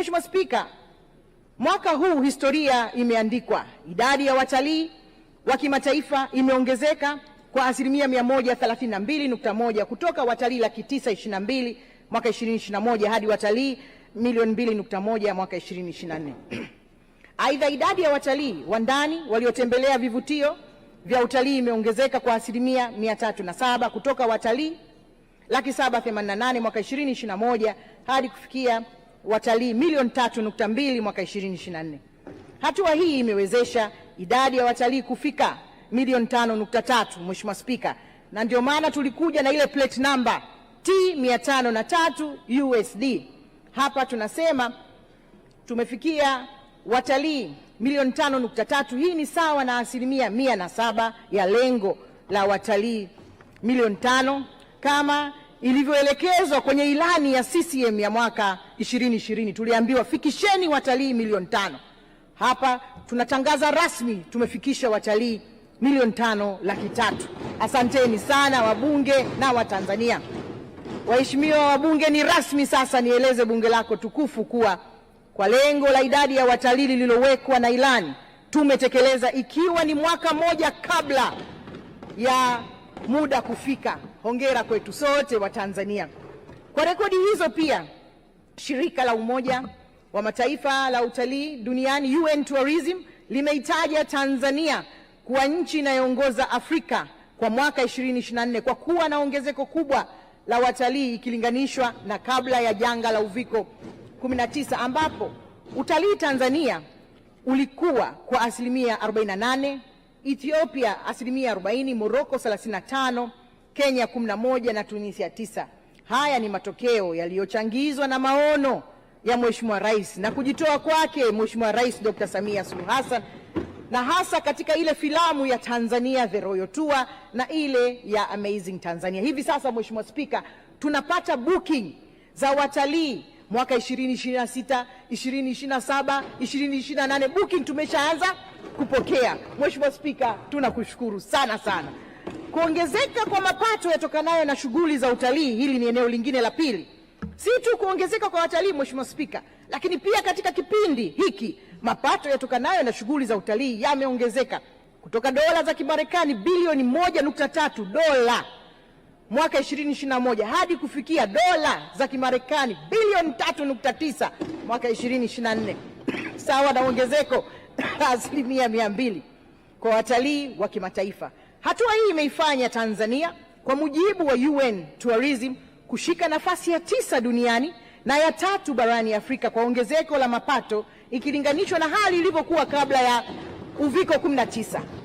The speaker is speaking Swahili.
Mheshimiwa Spika, mwaka huu historia imeandikwa. Idadi ya watalii wa kimataifa imeongezeka kwa asilimia 132.1 kutoka watalii laki tisa mbili mwaka 2021 hadi watalii milioni 2.1 mwaka 2024. Aidha, idadi ya watalii wa ndani waliotembelea vivutio vya utalii imeongezeka kwa asilimia 307 kutoka watalii laki saba mwaka 2021 hadi kufikia watalii milioni tatu nukta mbili mwaka 2024. Hatua hii imewezesha idadi ya watalii kufika milioni tano nukta tatu Mheshimiwa Spika, na ndio maana tulikuja na ile plate number T tatu USD. Hapa tunasema tumefikia watalii milioni tano nukta tatu. Hii ni sawa na asilimia mia na saba ya lengo la watalii milioni tano kama ilivyoelekezwa kwenye ilani ya CCM ya mwaka 2020 tuliambiwa fikisheni watalii milioni tano. Hapa tunatangaza rasmi tumefikisha watalii milioni tano laki tatu. Asanteni sana wabunge na Watanzania. Waheshimiwa wabunge, ni rasmi sasa nieleze bunge lako tukufu kuwa kwa lengo la idadi ya watalii lililowekwa na ilani tumetekeleza ikiwa ni mwaka moja kabla ya muda kufika hongera kwetu sote wa Tanzania. Kwa rekodi hizo pia shirika la Umoja wa Mataifa la utalii duniani UN Tourism limeitaja Tanzania kuwa nchi inayoongoza Afrika kwa mwaka 2024 kwa kuwa na ongezeko kubwa la watalii ikilinganishwa na kabla ya janga la Uviko 19 ambapo utalii Tanzania ulikuwa kwa asilimia 48, Ethiopia asilimia 40, Morocco 35 Kenya kumi moja na Tunisia tisa. Haya ni matokeo yaliyochangizwa na maono ya Mheshimiwa Rais na kujitoa kwake Mheshimiwa Rais Dr. Samia Suluhu Hassan na hasa katika ile filamu ya Tanzania The Royal Tour na ile ya Amazing Tanzania. Hivi sasa Mheshimiwa Spika, tunapata booking za watalii mwaka 2026, 2027, 2028 booking tumeshaanza kupokea. Mheshimiwa Spika, tunakushukuru sana sana. Kuongezeka kwa mapato yatokanayo na shughuli za utalii, hili ni eneo lingine la pili. Si tu kuongezeka kwa watalii, Mheshimiwa Spika, lakini pia katika kipindi hiki mapato yatokanayo na shughuli za utalii yameongezeka kutoka dola za Kimarekani bilioni 1.3 dola mwaka 2021 hadi kufikia dola za Kimarekani bilioni 3.9 mwaka 2024 sawa na ongezeko la asilimia 200 kwa watalii wa kimataifa. Hatua hii imeifanya Tanzania kwa mujibu wa UN Tourism kushika nafasi ya tisa duniani na ya tatu barani Afrika kwa ongezeko la mapato ikilinganishwa na hali ilivyokuwa kabla ya Uviko 19.